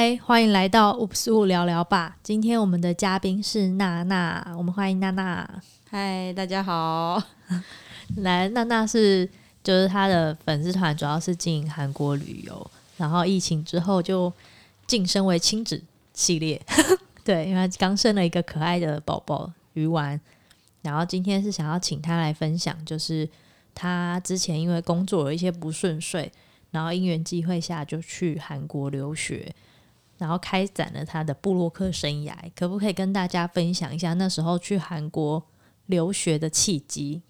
嗨，歡迎來到 Oops 吳聊聊吧。今天我們的嘉賓是娜娜，我們歡迎娜娜。嗨，大家好。來，娜娜是就是她的粉絲團主要是經營韓國旅遊，然後疫情之後就晉升為親子系列。 對，因為剛生了一個可愛的寶寶魚丸，然後今天是想要請她來分享，就是她之前因為工作有一些不順遂，然後因緣際會下就去韓國留學。然後開展了他的部落客生涯，可不可以跟大家分享一下那時候去韓國留學的契機？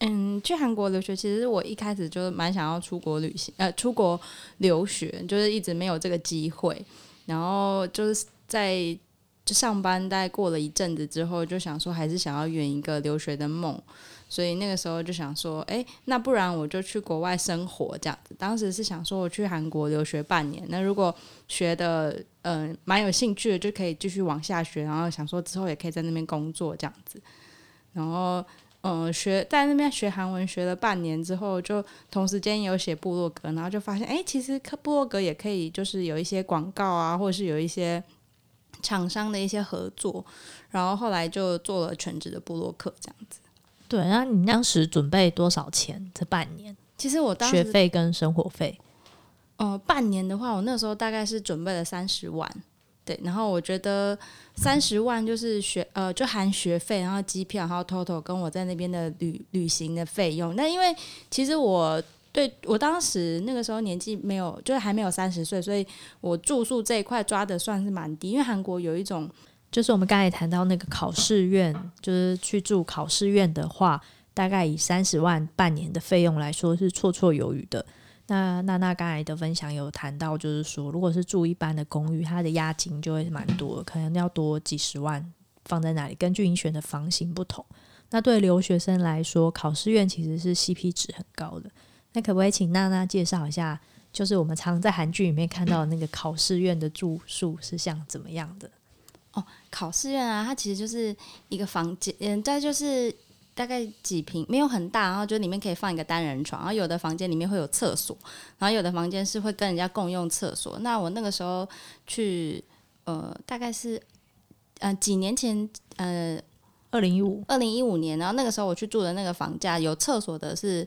嗯，去韓國留學其實我一開始就蠻想要出國旅行，呃，出國留學，就是一直沒有這個機會。然後就是在就上班，大概過了一陣子之後，就想說還是想要圓一個留學的夢。所以那個時候就想說，哎、欸，那不然我就去國外生活這樣子。當時是想說，我去韓國留學半年。那如果學的嗯蠻有興趣的，就可以繼續往下學。然後想說之後也可以在那邊工作這樣子。然後嗯、呃，學在那邊學韓文學了半年之後，就同時間有寫部落格，然後就發現哎、欸，其實靠部落格也可以，就是有一些廣告啊，或是有一些廠商的一些合作。然後後來就做了全職的部落客這樣子。對，然後你當時準備多少錢？這半年，其實我當時學費跟生活費，呃，半年的話，我那時候大概是準備了三十萬。對，然後我覺得三十萬就是學，嗯、呃，就含學費，然後機票，然後 total 跟我在那邊的旅旅行的費用。那因為其實我對我當時那個時候年紀沒有，就是還沒有三十歲，所以我住宿這一塊抓的算是蠻低，因為韓國有一種。就是我們剛才談到那個考試院，就是去住考試院的話，大概以三十萬半年的費用來說是綽綽有餘的。那娜娜剛才的分享有談到，就是說如果是住一般的公寓，它的押金就會蠻多，可能要多幾十萬放在那裡。根據你選的房型不同，那對留學生來說，考試院其實是 CP 值很高的。那可不可以請娜娜介紹一下，就是我們常在韓劇裡面看到的那個考試院的住宿是像怎麼樣的？哦，考試院啊，它其實就是一個房間，嗯，再就是大概幾坪，沒有很大，然後就是裡面可以放一個單人床，然後有的房間裡面會有廁所，然後有的房間是會跟人家共用廁所。那我那個時候去，呃，大概是，呃，幾年前，呃，二零一五，二零一五年，然後那個時候我去住的那個房價有廁所的是。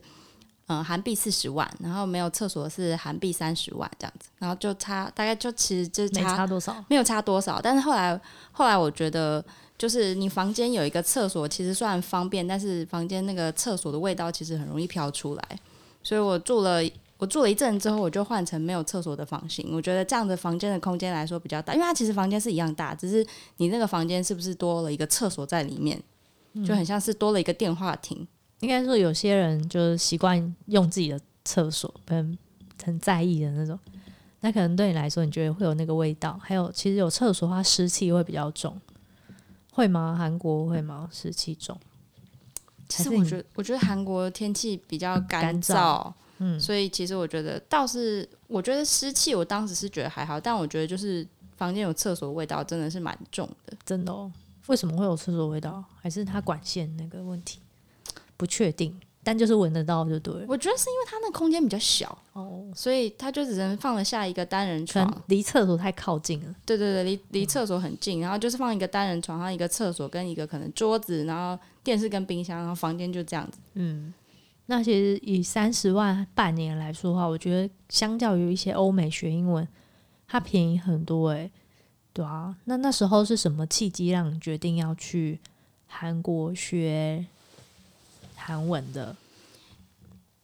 嗯，韓幣四十萬，然後沒有廁所是韓幣三十萬這樣子，然後就差大概就其實就差,差多少？沒有差多少，但是後來後來我覺得，就是你房間有一個廁所，其實算方便，但是房間那個廁所的味道其實很容易飄出來，所以我住了我住了一陣之後，我就換成沒有廁所的房型。我覺得這樣的房間的空間來說比較大，因為它其實房間是一樣大，只是你那個房間是不是多了一個廁所在裡面，就很像是多了一個電話亭。嗯嗯應該說，有些人就是習慣用自己的廁所，跟很在意的那種。那可能對你來說，你覺得會有那個味道？還有，其實有廁所的話，濕氣會比較重，會嗎？韓國會嗎？濕氣重？其實我覺得，我覺得韓國天氣比較乾燥，燥，嗯，所以其實我覺得倒是，我覺得濕氣，我當時是覺得還好，但我覺得就是房間有廁所的味道，真的是蠻重的，真的、喔。哦，為什麼會有廁所的味道？還是它管線那個問題？不確定，但就是聞得到，就對。我覺得是因為他那空間比較小，oh, 所以他就只能放得下一個單人床，離廁所太靠近了。對對對，離離廁所很近，然後就是放一個單人床，上，一個廁所跟一個可能桌子，然後電視跟冰箱，然後房間就這樣子。嗯，那其實以三十萬半年來說的話，我覺得相較於一些歐美學英文，它便宜很多、欸。誒，對啊，那那時候是什麼契機讓你決定要去韓國學？韓文的，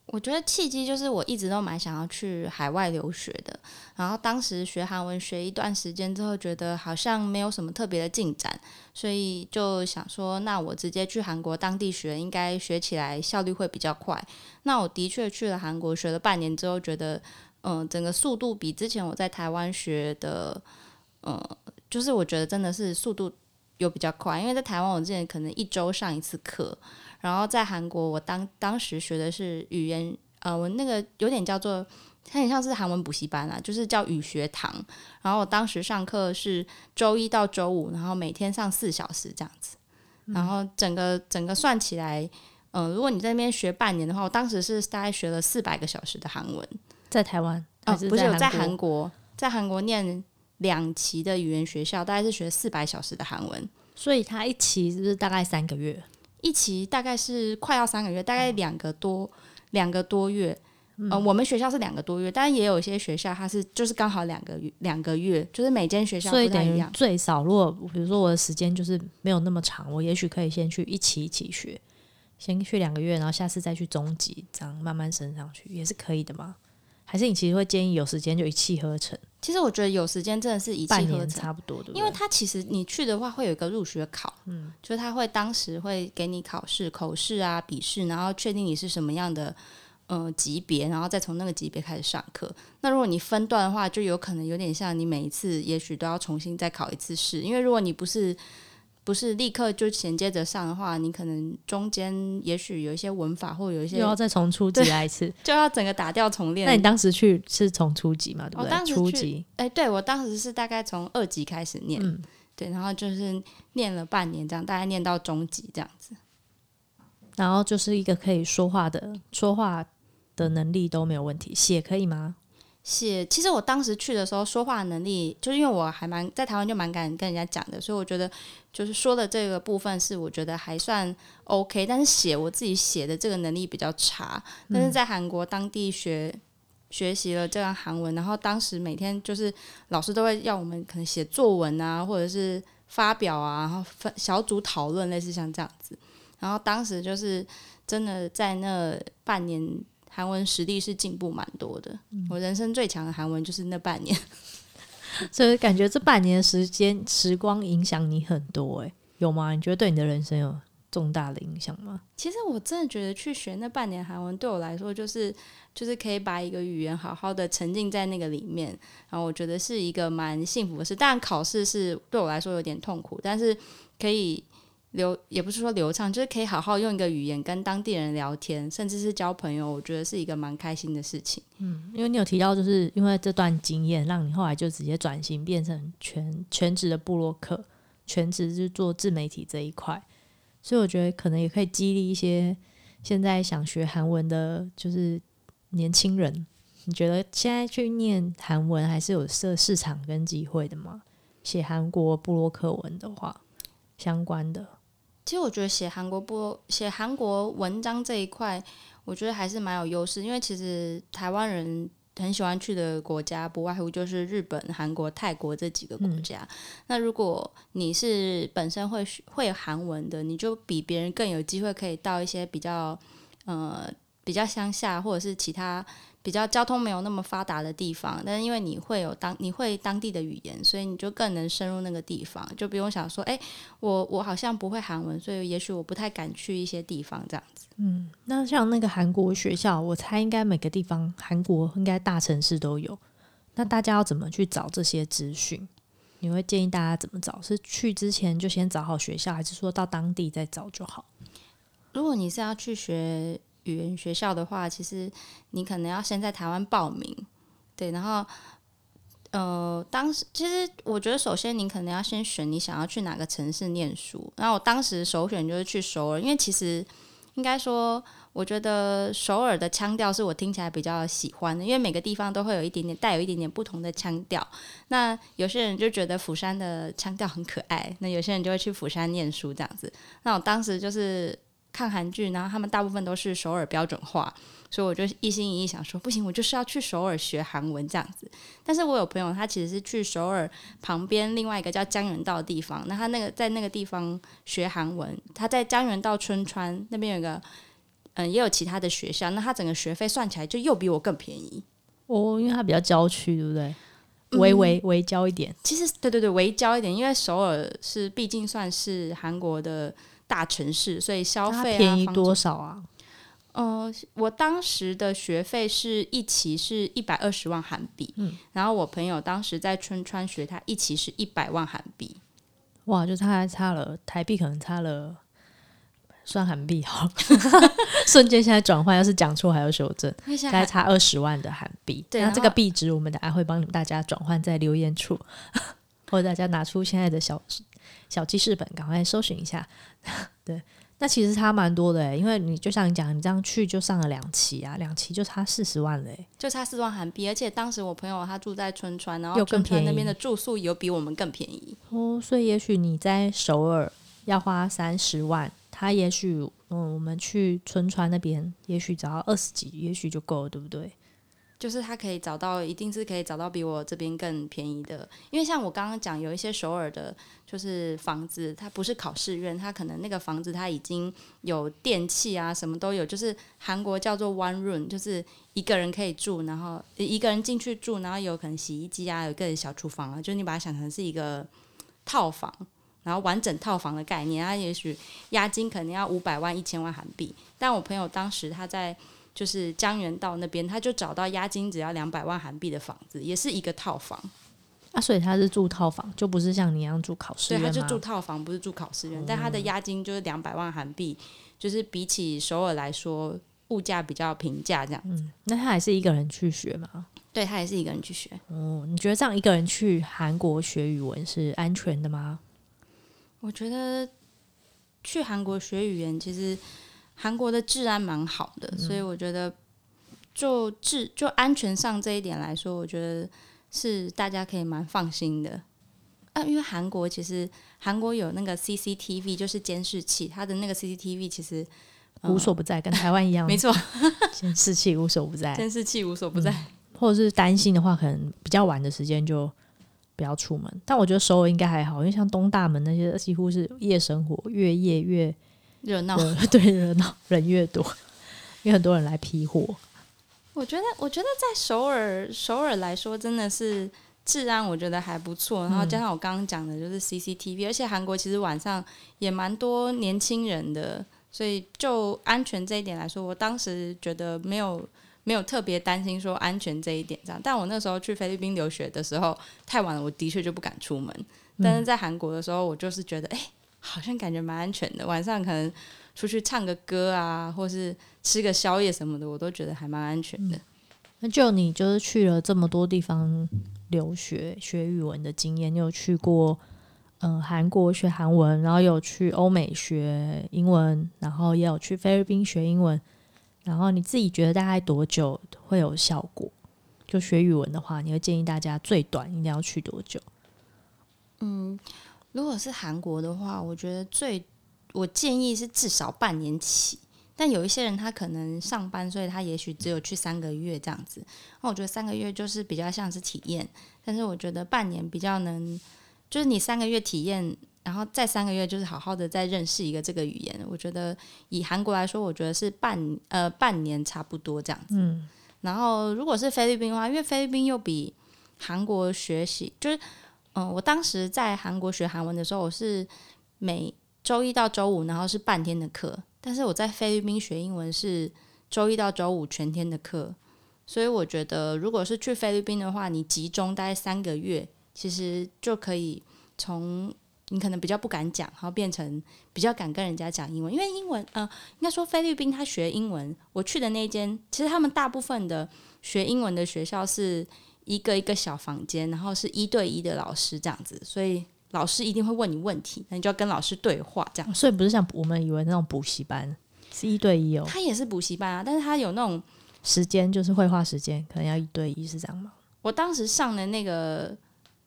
我覺得契機就是我一直都蠻想要去海外留學的。然後當時學韓文學一段時間之後，覺得好像沒有什麼特別的進展，所以就想說，那我直接去韓國當地學，應該學起來效率會比較快。那我的確去了韓國學了半年之後，覺得嗯，整個速度比之前我在台灣學的，嗯，就是我覺得真的是速度有比較快，因為在台灣我之前可能一周上一次課。然後在韓國，我當當時學的是語言，呃，我那個有點叫做，它很像是韓文補習班啦，啊，就是叫語學堂。然後我當時上課是周一到周五，然後每天上四小時這樣子。然後整個整個算起來，嗯、呃，如果你在那邊學半年的話，我當時是大概學了四百個小時的韓文。在台灣？哦，不是，我在韓國，在韓國念兩期的語言學校，大概是學四百小時的韓文。所以它一期是不是大概三個月？一期大概是快要三個月，大概兩個多兩、嗯、兩個多月、呃嗯。我們學校是兩個多月，但也有一些學校它是就是剛好兩個月、兩個月，就是每間學校不一樣。所以等於最少，如果比如說我的時間就是沒有那麼長，我也許可以先去一期一期學，先去兩個月，然後下次再去中級，這樣慢慢升上去也是可以的嘛？還是你其實會建議有時間就一氣呵成？其實我覺得有時間真的是一氣呵成，差不多的。因為他其實你去的話會有一個入學考，嗯，就是他會當時會給你考試、口試啊、筆試，然後確定你是什麼樣的呃級別，然後再從那個級別開始上課。那如果你分段的話，就有可能有點像你每一次也許都要重新再考一次試，因為如果你不是。不是立刻就銜接着上的話，你可能中間也許有一些文法，或有一些又要再從初級來一次， 就要整個打掉重練。那你當時去是從初級嘛，對不對？哦、當時去初級，哎、欸，對，我當時是大概從二級開始念、嗯，對，然後就是念了半年這樣，大概念到中級這樣子，然後就是一個可以說話的說話的能力都沒有問題，寫可以嗎？寫其實我當時去的時候，說話能力就是因為我還蠻在台灣就蠻敢跟人家講的，所以我覺得就是說的這個部分是我覺得還算 OK，但是寫我自己寫的這個能力比較差，但是在韓國當地學、嗯、學習了這樣韓文，然後當時每天就是老師都會要我們可能寫作文啊，或者是發表啊，然後分小組討論，類似像這樣子。然後當時就是真的在那半年。韓文實力是進步蠻多的，嗯，我人生最強的韓文就是那半年， 所以感覺這半年時間時光影響你很多誒，欸，有嗎？你覺得對你的人生有重大的影響嗎？其實我真的覺得去學那半年韓文對我來說就是，就是可以把一個語言好好的沉浸在那個裡面，然後我覺得是一個蠻幸福的事。但考試是對我來說有點痛苦，但是可以。流也不是說流暢，就是可以好好用一個語言跟當地人聊天，甚至是交朋友，我覺得是一個蠻開心的事情。嗯，因為你有提到，就是因為這段經驗，讓你後來就直接轉型變成全全職的部落客，全職是做自媒體這一塊。所以我覺得可能也可以激勵一些現在想學韓文的，就是年輕人。你覺得現在去念韓文還是有設市場跟機會的嗎？寫韓國部落客文的話，相關的。其實我覺得寫韓國不寫韓國文章這一塊，我覺得還是蠻有優勢，因為其實台灣人很喜歡去的國家不外乎就是日本、韓國、泰國這幾個國家。嗯，那如果你是本身會會韓文的，你就比別人更有機會可以到一些比較呃比較鄉下或者是其他。比較交通沒有那麼發達的地方，但是因為你會有當你會當地的語言，所以你就更能深入那個地方，就不用想說，哎、欸，我我好像不會韓文，所以也許我不太敢去一些地方這樣子。嗯，那像那個韓國學校，我猜應該每個地方韓國應該大城市都有。那大家要怎麼去找這些資訊？你會建議大家怎麼找？是去之前就先找好學校，還是說到當地再找就好？如果你是要去學。語言學校的話，其實你可能要先在台灣報名，對，然後呃，當時其實我覺得，首先你可能要先選你想要去哪個城市念書。然後我當時首選就是去首爾，因為其實應該說，我覺得首爾的腔調是我聽起來比較喜歡的，因為每個地方都會有一點點帶有一點點不同的腔調。那有些人就覺得釜山的腔調很可愛，那有些人就會去釜山念書這樣子。那我當時就是看韓劇，然後他們大部分都是首爾標準話，所以我就一心一意想說，不行，我就是要去首爾學韓文這樣子。但是我有朋友，他其實是去首爾旁邊另外一個叫江原道的地方，那他那個在那個地方學韓文，他在江原道春川那邊有一個，嗯，也有其他的學校，那他整個學費算起來就又比我更便宜。哦，因為他比較郊區，對不對？微微微郊一點。嗯，其實對對對，微郊一點，因為首爾是畢竟算是韓國的。大城市，所以消費啊，便宜多少啊？呃，我當時的學費是一期是一百二十萬韓幣，嗯，然後我朋友當時在春川學，他一期是一百萬韓幣。哇，就他還差了台幣，可能差了算韓幣好， 瞬間現在轉換，要是講錯還要修正， 現在差二十萬的韓幣，對，那這個幣值我們等下會幫你們大家轉換在留言處，或者大家拿出現在的小。小記事本，趕快搜尋一下。 對，那其實差蠻多的，因為你就像你講，你這樣去就上了兩期啊，兩期就差四十萬嘞，就差四萬韓幣。而且當時我朋友他住在春川，然後春川那邊的住宿有比我們更便宜哦，所以也許你在首爾要花三十萬，他也許嗯，我們去春川那邊，也許只要二十幾，也許就夠了，對不對？就是他可以找到，一定是可以找到比我這邊更便宜的。因為像我剛剛講，有一些首爾的，就是房子，它不是考試院，它可能那個房子它已經有電器啊，什麼都有。就是韓國叫做 one room，就是一個人可以住，然後一個人進去住，然後有可能洗衣機啊，有個人小廚房啊，就你把它想成是一個套房，然後完整套房的概念。它、啊、也許押金可能要五百萬一千萬韓幣，但我朋友當時他在。就是江原道那邊，他就找到押金只要兩百萬韓幣的房子，也是一個套房。啊，所以他是住套房，就不是像你一樣住考試。對，他就住套房，不是住考試院，嗯。但他的押金就是兩百萬韓幣，就是比起首爾來說，物價比較平價這樣，嗯，那他還是一個人去學嗎？對，他還是一個人去學。哦，嗯，你覺得這樣一個人去韓國學語文是安全的嗎？我覺得去韓國學語言其實。韓國的治安蠻好的，所以我覺得就治就安全上這一點來說，我覺得是大家可以蠻放心的。啊，因為韓國其實韓國有那個 CCTV，就是監視器，它的那個 CCTV 其實、嗯、無所不在，跟台灣一樣。 沒錯，監視器無所不在，監 視器無所不在。嗯、或者是擔心的話，可能比較晚的時間就不要出門。嗯、但我覺得首爾應該還好，因為像東大門那些幾乎是夜生活，越夜越熱鬧，對熱鬧，人越多，有很多人來批貨。我覺得，我覺得在首爾，首爾來說，真的是治安我覺得還不錯。然後加上我剛剛講的就是 CCTV，嗯，而且韓國其實晚上也蠻多年輕人的，所以就安全這一點來說，我當時覺得沒有沒有特別擔心說安全這一點這樣。但我那時候去菲律賓留學的時候太晚了，我的確就不敢出門。但是在韓國的時候，我就是覺得哎。嗯，欸好像感覺蠻安全的，晚上可能出去唱個歌啊，或是吃個宵夜什麼的，我都覺得還蠻安全的。嗯。那就你就是去了這麼多地方留學學語文的經驗，你有去過嗯呃、韓國學韓文，然後有去歐美學英文，然後也有去菲律賓學英文。然後你自己覺得大概多久會有效果？就學語文的話，你會建議大家最短一定要去多久？嗯。如果是韓國的話，我覺得最我建議是至少半年起。但有一些人他可能上班，所以他也許只有去三個月這樣子。那我覺得三個月就是比較像是體驗，但是我覺得半年比較能，就是你三個月體驗，然後再三個月就是好好的再認識一個這個語言。我覺得以韓國來說，我覺得是半，呃，半年差不多這樣子。然後如果是菲律賓的話，因為菲律賓又比韓國學習就是。嗯、哦，我當時在韓國學韓文的時候，我是每周一到周五，然後是半天的課。但是我在菲律賓學英文是周一到周五全天的課。所以我覺得，如果是去菲律賓的話，你集中待三個月，其實就可以從你可能比較不敢講，然後變成比較敢跟人家講英文。因為英文，啊、呃，應該說菲律賓他學英文，我去的那間，其實他們大部分的學英文的學校是，一個一個小房間，然後是一對一的老師這樣子，所以老師一定會問你問題，那你就要跟老師對話這樣子、啊。所以不是像我們以為那種補習班是一對一哦，他也是補習班啊，但是他有那種時間，就是會話時間，可能要一對一是這樣嗎？我當時上的那個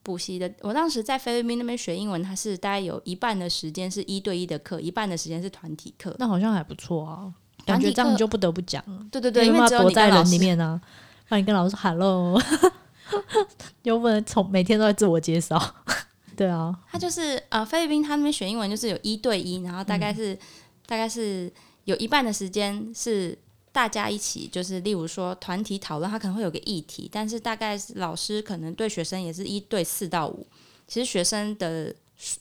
補習的，我當時在菲律賓那邊學英文，他是大概有一半的時間是一對一的課，一半的時間是團體課。那好像還不錯啊，感覺這樣就不得不講了，對對對，因為他有在人裡面呢、啊，讓你跟老師喊嘍。啊 有 不能從每天都在自我介紹， 對啊，嗯嗯嗯嗯嗯，他就是呃菲律賓，他那邊學英文就是有一對一，然後大概是嗯嗯，大概是有一半的時間是大家一起，就是例如說團體討論，他可能會有個議題，但是大概是老師可能對學生也是一對四到五，其實學生的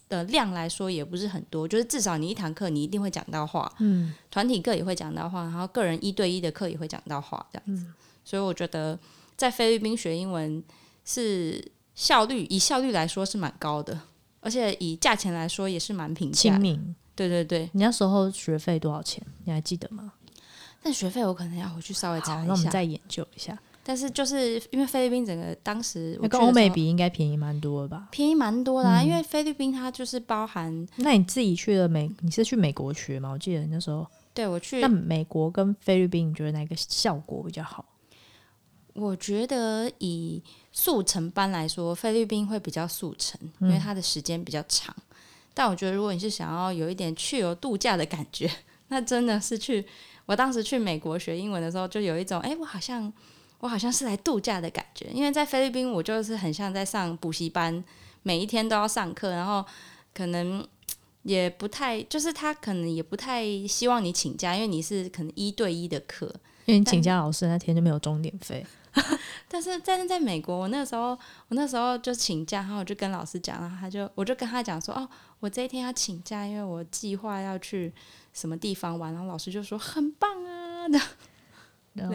的量來說也不是很多，就是至少你一堂課你一定會講到話，嗯，嗯，嗯，嗯，嗯，團體課也會講到話，然後個人一對一的課也會講到話這樣子，所以我覺得。在菲律賓學英文，是效率，以效率來說是蠻高的，而且以價錢來說也是蠻平價，親民。對對對，你那時候學費多少錢？你還記得嗎？但學費我可能要回去稍微查一下。好，那我們再研究一下。但是就是因為菲律賓整個當時，跟歐美比應該便宜蠻多吧？便宜蠻多的啊，嗯，因為菲律賓它就是包含。那你自己去了美，你是去美國學嗎？我記得那時候。對，我去。那美國跟菲律賓，你覺得哪個效果比較好？我覺得以速成班來說，菲律賓會比較速成，因為它的時間比較長、嗯。但我覺得，如果你是想要有一點去遊度假的感覺，那真的是去。我當時去美國學英文的時候，就有一種，哎、欸，我好像我好像是來度假的感覺。因為在菲律賓，我就是很像在上補習班，每一天都要上課，然後可能也不太，就是他可能也不太希望你請假，因為你是可能一對一的課，因為你請假，老師那天就沒有鐘點費。 但是，但是在美國，我那時候我那時候就請假，然後我就跟老師講，然後他就我就跟他講說，哦，我這一天要請假，因為我計劃要去什麼地方玩。然後老師就說很棒啊，那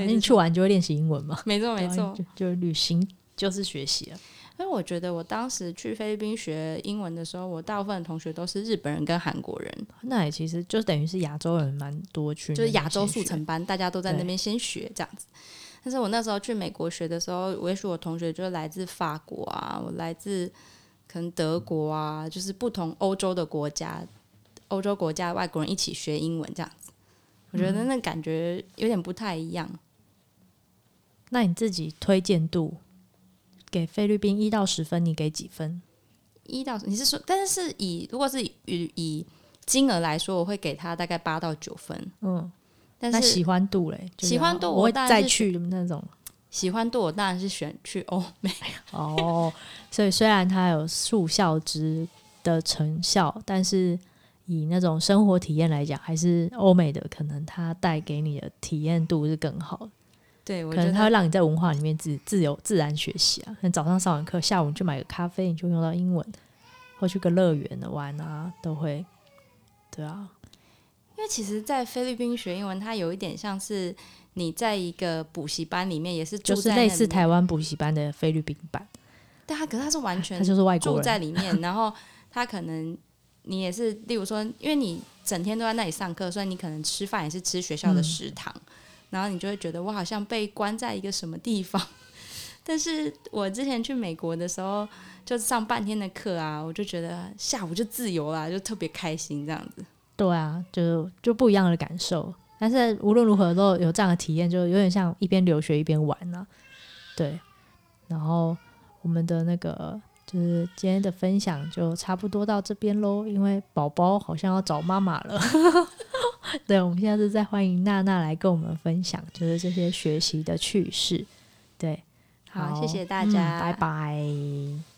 你去玩就會練習英、 英文嗎？沒錯沒錯，就旅行就是學習了。因為我覺得我當時去菲律賓學英文的時候，我大部分同學都是日本人跟韓國人，那也其實就等於是亞洲人蠻多去，就是亞洲速成班，大家都在那邊先學這樣子。但是我那時候去美國學的時候，我也許我同學就來自法國啊，我來自可能德國啊，就是不同歐洲的國家，歐洲國家外國人一起學英文這樣子，我覺得那感覺有點不太一樣。嗯。那你自己推薦度給菲律賓一到十分，你給幾分？一到十，你是說，但是以如果是以以金額來說，我會給他大概八到九分。嗯。但是那喜歡度嘞，喜歡度我，我會再去那種，喜歡度我當然是選去歐美哦。 oh, 所以雖然它有速效之的成效，但是以那種生活體驗來講，還是歐美的，可能它帶給你的體驗度是更好。對，我覺得可能它會讓你在文化裡面自自由自然學習啊。那早上上完課，下午去買個咖啡，你就用到英文，或去個樂園玩啊，都會，對啊。因為其實，在菲律賓學英文，它有一點像是你在一個補習班裡面，也是就是類似台灣補習班的菲律賓版。對啊，可是他是完全就是住在裡面，然後他可能你也是，例如說，因為你整天都在那裡上課，所以你可能吃飯也是吃學校的食堂，然後你就會覺得我好像被關在一個什麼地方。但是我之前去美國的時候，就上半天的課啊，我就覺得下午就自由了，就特別開心這樣子。對啊，就就不一樣的感受，但是無論如何都有這樣的體驗，就有點像一邊留學一邊玩了，啊。對，然後我們的那個就是今天的分享就差不多到這邊嘍，因為寶寶好像要找媽媽了。 對，我們現在是再歡迎娜娜來跟我們分享，就是這些學習的趣事。對，好，好謝謝大家，嗯、拜拜。